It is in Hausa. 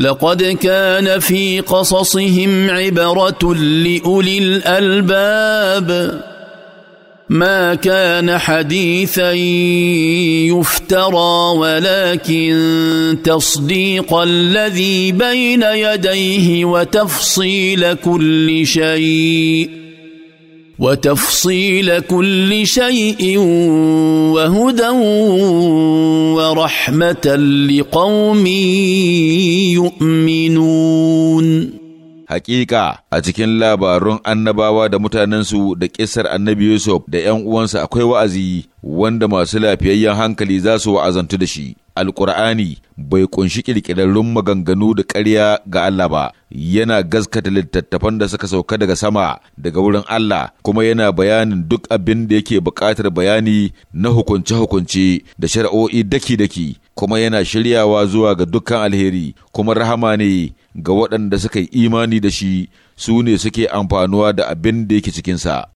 لقد كان في قصصهم عبره لاولي الالباب ما كان حديثا يفترى ولكن تصديق الذي بين يديه وتفصيل كل شيء وتفصيل كل شيء وهدى ورحمه لقوم يؤمنون hakika a cikin labarun annabawa da mutanensu da kisar annabi Yusuf da ‘yan uwansa akwai wa'azi wanda masu lafiyayyen hankali za su wa'azantu da shi. Alƙur'ani bai ƙunshi ƙirƙirarrun maganganu da ƙarya ga Allah ba, yana gaskata littattafan da suka sauka daga sama daga wurin Allah, kuma yana bayanin duk abin da yake buƙatar bayani na hukunce-hukunce da shari'o'i daki-daki, kuma yana shiryawa zuwa ga dukkan alheri, kuma rahama ne ga waɗanda suka yi imani da shi, su ne suke amfanuwa da abin da yake cikinsa.